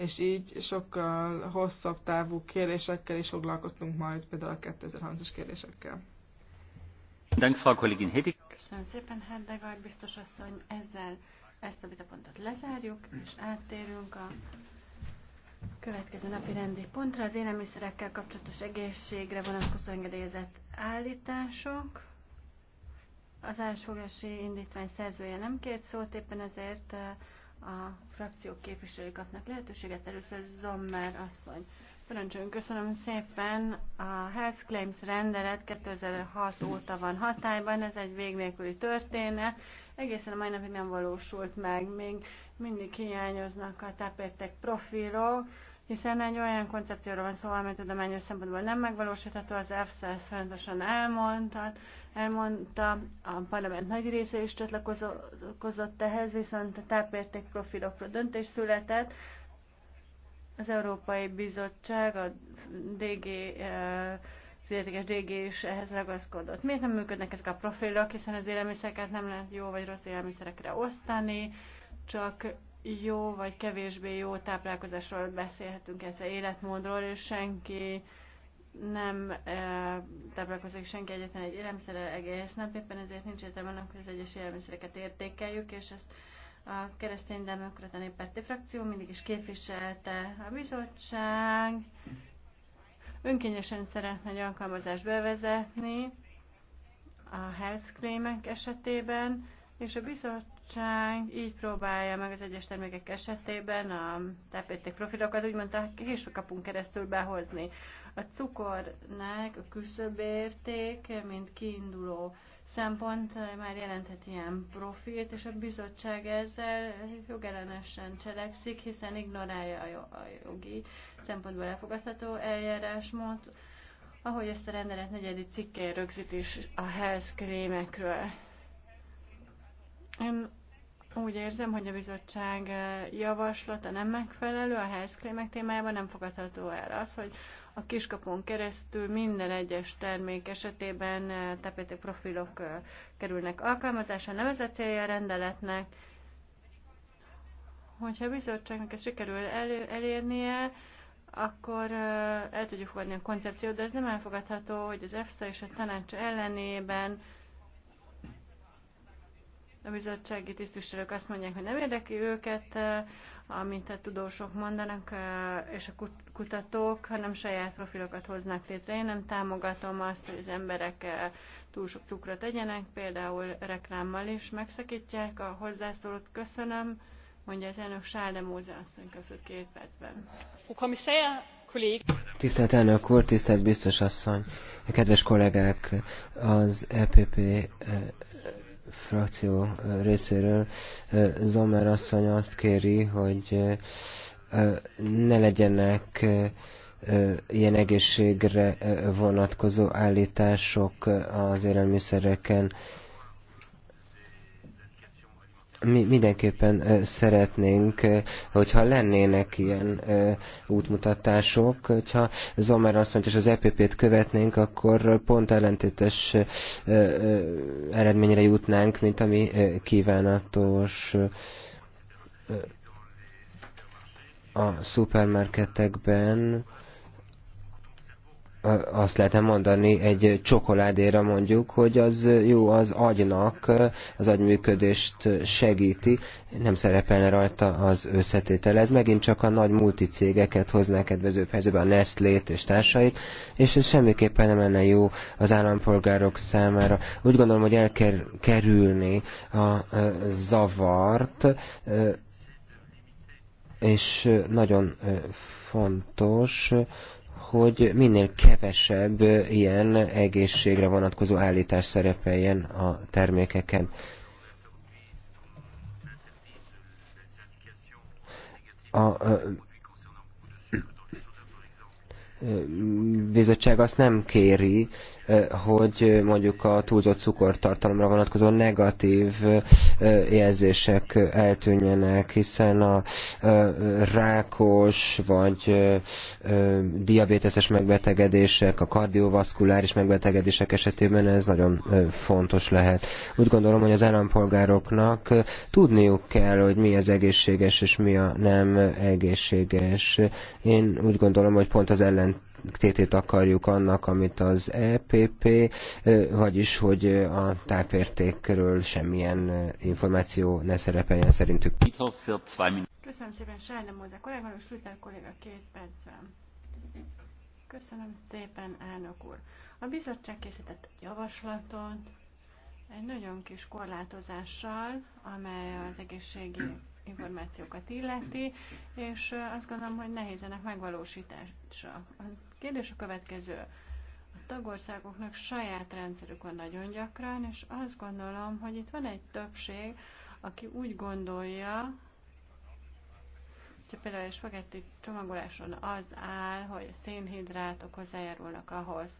és így sokkal hosszabb távú kérdésekkel is foglalkoztunk majd, például a 2030-as kérdésekkel. Köszönöm szépen, Hedegard biztos asszony, ezzel ezt a vitapontot lezárjuk, és áttérünk a következő napi rendi pontra, az élelmiszerekkel kapcsolatos egészségre vonatkozó engedélyezett állítások. Az állásfoglási indítvány szerzője nem kért szót, éppen ezért a frakciók képviselői kapnak lehetőséget. Először Zommer asszony. Parancsoljon, köszönöm szépen. A Health Claims rendelet 2006 óta van hatályban, ez egy vég nélküli történet. Egészen a mai napig nem valósult meg, még mindig hiányoznak a tápértek profilok, hiszen egy olyan koncepcióról van szó, amely tudományos szempontból nem megvalósítható, az EFSA ezt fontosan elmondta, elmondta, a parlament nagy része is csatlakozott ehhez, viszont a tápérték profilokról döntés született, az Európai Bizottság, a DG, eh, az értékes DG is ehhez ragaszkodott. Miért nem működnek ezek a profilok, hiszen az élelmiszereket nem lehet jó vagy rossz élelmiszerekre osztani, csak jó vagy kevésbé jó táplálkozásról beszélhetünk, ez életmódról, és senki nem e, táplálkozik senki egyetlen egy élelmiszerrel egész nap, éppen ezért nincs értelme annak, hogy az egyes élelmiszereket értékeljük, és ezt a keresztény demokrata néppárti frakció mindig is képviselte a bizottság, önkényesen szeretne egy alkalmazást bevezetni a health claim esetében, és a bizottság így próbálja meg az egyes termékek esetében a tápérték profilokat úgymond a kapunk keresztül behozni. A cukornak a küszöbérték, mint kiinduló szempont már jelenthet ilyen profilt, és a bizottság ezzel jogellenesen cselekszik, hiszen ignorálja a jogi szempontból elfogadható eljárásmód, ahogy ezt a rendelet negyedik cikkén rögzít is a health krémekről. Én úgy érzem, hogy a bizottság eh, javaslata nem megfelelő, a házkrémek témájában nem fogadható el az, hogy a kiskapon keresztül minden egyes termék esetében eh, tapéti profilok eh, kerülnek alkalmazásra. Nem ez a célja a rendeletnek. Hogyha a bizottságnak ezt sikerül elő, elérnie, akkor el tudjuk fogadni a koncepciót, de ez nem elfogadható, hogy az EFSA és a tanács ellenében a bizottsági tisztviselők azt mondják, hogy nem érdekli őket, eh, amit a tudósok mondanak, eh, és a kutatók, hanem saját profilokat hoznak létre. Én nem támogatom azt, hogy az emberek eh, túl sok cukrot egyenek, például reklámmal is megszakítják a hozzászólót. Köszönöm, mondja az elnök Sáde Móze asszony között két percben. Tisztelt elnök úr, tisztelt biztos asszony, kedves kollégák, az EPP frakció részéről Zomer asszony azt kéri, hogy ne legyenek ilyen egészségre vonatkozó állítások az élelmiszereken mi mindenképpen szeretnénk, hogyha lennének ilyen útmutatások, hogyha Zomer mondja, hogy az EPP-t követnénk, akkor pont ellentétes eredményre jutnánk, mint ami kívánatos a szupermarketekben azt lehetne mondani egy csokoládéra mondjuk, hogy az jó az agynak, az agyműködést segíti, nem szerepelne rajta az összetétel. Ez megint csak a nagy multicégeket hozná kedvezőbb helyzetbe, a nestlé és társait, és ez semmiképpen nem lenne jó az állampolgárok számára. Úgy gondolom, hogy el kell kerülni a zavart, és nagyon fontos, hogy minél kevesebb ilyen egészségre vonatkozó állítás szerepeljen a termékeken. A bizottság azt nem kéri, hogy mondjuk a túlzott cukortartalomra vonatkozó negatív jelzések eltűnjenek, hiszen a rákos vagy diabéteses megbetegedések, a kardiovaszkuláris megbetegedések esetében ez nagyon fontos lehet. Úgy gondolom, hogy az állampolgároknak tudniuk kell, hogy mi az egészséges és mi a nem egészséges. Én úgy gondolom, hogy pont az ellen tétét akarjuk annak, amit az EPP, vagyis, hogy a tápértékről semmilyen információ ne szerepeljen szerintük. Köszönöm szépen, Sájda Mózek kollégám, és Luther kolléga két percben. Köszönöm szépen, elnök úr. A bizottság készített egy javaslatot, egy nagyon kis korlátozással, amely az egészségi információkat illeti, és azt gondolom, hogy nehéz ennek megvalósítása. A kérdés a következő. A tagországoknak saját rendszerük van nagyon gyakran, és azt gondolom, hogy itt van egy többség, aki úgy gondolja, hogyha például egy spagetti csomagoláson az áll, hogy a szénhidrát hozzájárulnak ahhoz,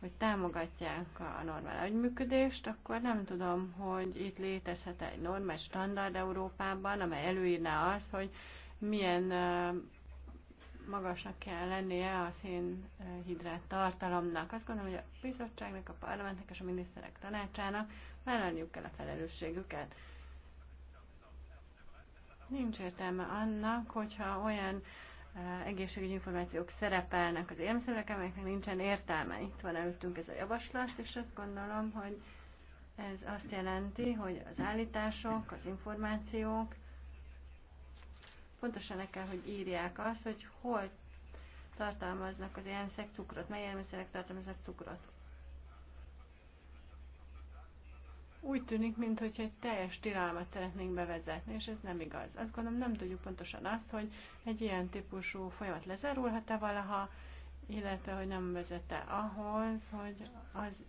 hogy támogatják a normál agyműködést, akkor nem tudom, hogy itt létezhet egy normál standard Európában, amely előírná azt, hogy milyen magasnak kell lennie a szénhidrát tartalomnak. Azt gondolom, hogy a bizottságnak, a parlamentnek és a miniszterek tanácsának vállalniuk kell a felelősségüket. Nincs értelme annak, hogyha olyan eh, egészségügyi információk szerepelnek az élelmiszerek, amelyeknek nincsen értelme. Itt van előttünk ez a javaslat, és azt gondolom, hogy ez azt jelenti, hogy az állítások, az információk pontosan le kell, hogy írják azt, hogy hol tartalmaznak az élelmiszerek cukrot, mely élelmiszerek tartalmaznak cukrot. Úgy tűnik, mintha egy teljes tilalmat szeretnénk bevezetni, és ez nem igaz. Azt gondolom, nem tudjuk pontosan azt, hogy egy ilyen típusú folyamat lezárulhat-e valaha, illetve hogy nem vezette ahhoz, hogy az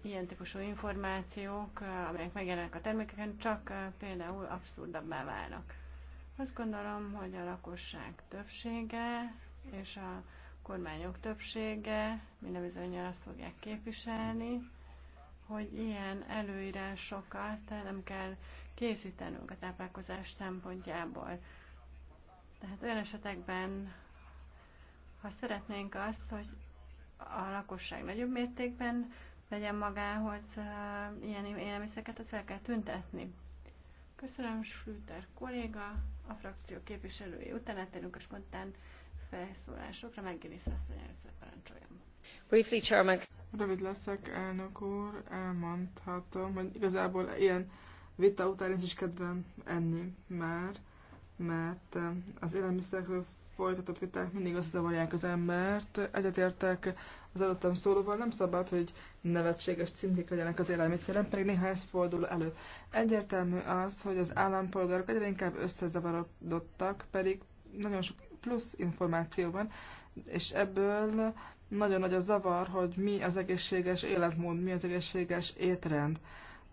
ilyen típusú információk, amelyek megjelennek a termékeken, csak eh, például abszurdabbá válnak. Azt gondolom, hogy a lakosság többsége és a kormányok többsége minden bizonyal azt fogják képviselni, hogy ilyen előírásokat nem kell készítenünk a táplálkozás szempontjából. Tehát olyan esetekben, ha szeretnénk azt, hogy a lakosság nagyobb mértékben legyen magához ilyen élelmiszereket, azt fel kell tüntetni. Köszönöm, Slüter kolléga, a frakció képviselője után átérünk a spontán felszólásokra. Megint is először parancsoljam. Briefly, Chairman. Rövid leszek, elnök úr, elmondhatom, hogy igazából ilyen vita után nincs is kedvem enni már, mert az élelmiszerekről folytatott viták mindig összezavarják az embert. Egyetértek az előttem szólóval, nem szabad, hogy nevetséges címkék legyenek az élelmiszeren, pedig néha ez fordul elő. Egyértelmű az, hogy az állampolgárok egyre inkább összezavarodottak, pedig nagyon sok plusz információ van, és ebből nagyon nagy a zavar, hogy mi az egészséges életmód, mi az egészséges étrend.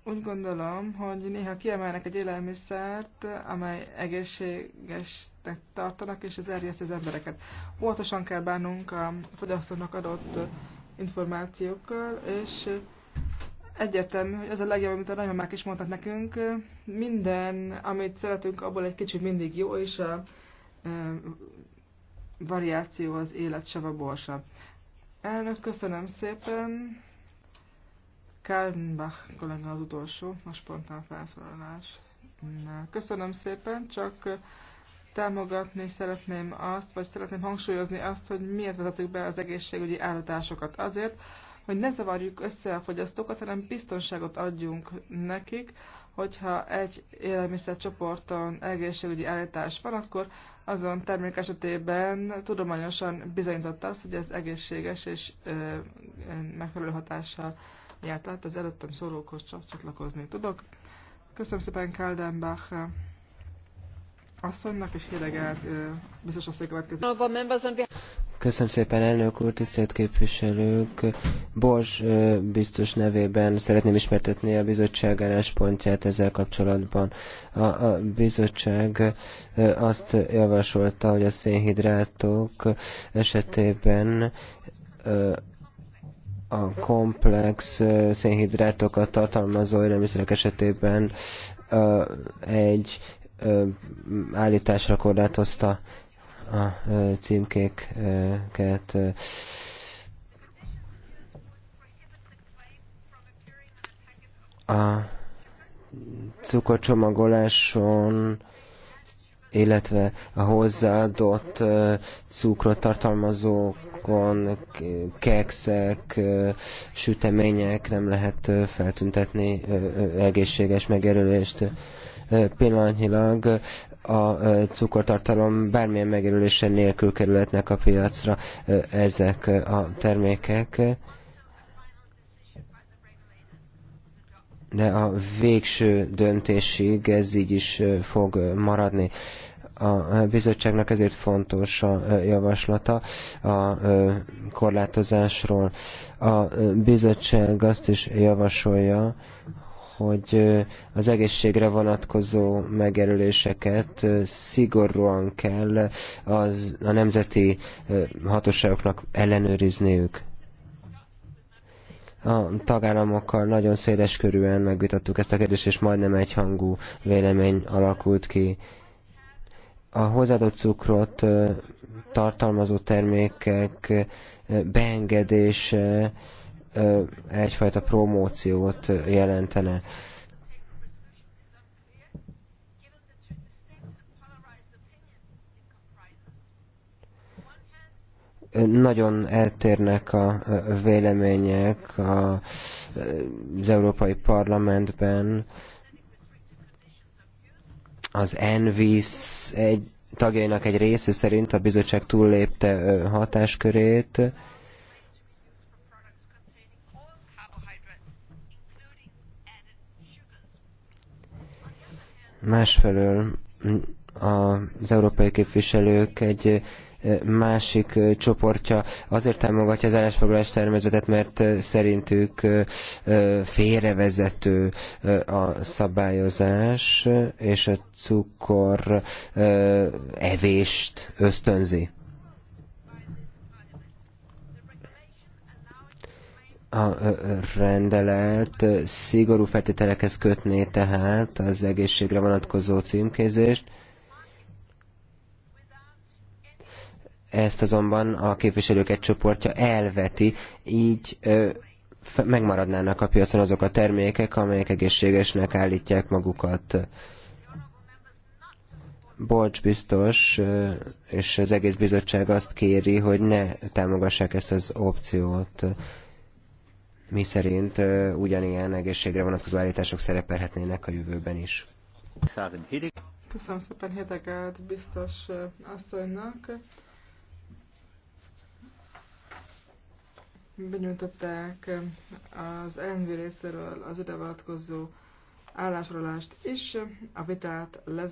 Úgy gondolom, hogy néha kiemelnek egy élelmiszert, amely egészségesnek tartanak, és ez elriasztja az embereket. Óvatosan kell bánnunk a fogyasztónak adott információkkal, és egyértelmű, hogy az a legjobb, amit a nagymamák is mondtak nekünk, minden, amit szeretünk, abból egy kicsit mindig jó, és a e, variáció az élet sava borsa. Elnök, köszönöm szépen! Kallenbach kollega az utolsó, a spontán felszólalás. Köszönöm szépen, csak támogatni szeretném azt, vagy szeretném hangsúlyozni azt, hogy miért vezetünk be az egészségügyi állatásokat. Azért, hogy ne zavarjuk össze a fogyasztókat, hanem biztonságot adjunk nekik, hogyha egy élelmiszercsoporton egészségügyi állítás van, akkor azon termék esetében tudományosan bizonyította azt, hogy ez egészséges és ö, megfelelő hatással ját. tehát az előttem szólókhoz csak csatlakozni tudok. Köszönöm szépen Kaldenbach eh, asszonynak, és hidegelt eh, biztos a következő. Köszönöm szépen, elnök úr, tisztelt képviselők! Bors eh, biztos nevében szeretném ismertetni a bizottság álláspontját ezzel kapcsolatban. A, a bizottság azt javasolta, hogy a szénhidrátok esetében a komplex eh, szénhidrátokat tartalmazó élelmiszerek esetében eh, egy eh, állításra korlátozta a címkéket. A cukorcsomagoláson illetve a hozzáadott cukrot tartalmazókon, kekszek, sütemények nem lehet feltüntetni egészséges megerülést. Pillanatnyilag a cukortartalom bármilyen megerülése nélkül kerülhetnek a piacra ezek a termékek. de a végső döntésig ez így is fog maradni. A bizottságnak ezért fontos a javaslata a korlátozásról. A bizottság azt is javasolja, hogy az egészségre vonatkozó megerüléseket szigorúan kell az, a nemzeti hatóságoknak ellenőrizniük a tagállamokkal nagyon széles körűen megvitattuk ezt a kérdést, és majdnem egyhangú vélemény alakult ki. A hozzáadott cukrot tartalmazó termékek beengedése egyfajta promóciót jelentene. nagyon eltérnek a vélemények a, az Európai Parlamentben. Az ENVIS egy, tagjainak egy része szerint a bizottság túllépte hatáskörét, Másfelől az európai képviselők egy másik csoportja azért támogatja az állásfoglalás tervezetet, mert szerintük félrevezető a szabályozás, és a cukor evést ösztönzi. a rendelet szigorú feltételekhez kötné tehát az egészségre vonatkozó címkézést, Ezt azonban a képviselők egy csoportja elveti, így megmaradnának a piacon azok a termékek, amelyek egészségesnek állítják magukat. Bocs biztos, és az egész bizottság azt kéri, hogy ne támogassák ezt az opciót, mi szerint ugyanilyen egészségre vonatkozó állítások szerepelhetnének a jövőben is. Köszönöm szépen Hidegát biztos asszonynak. benyújtották az NV részéről az ide vonatkozó állásrólást is, a vitát lezárjuk.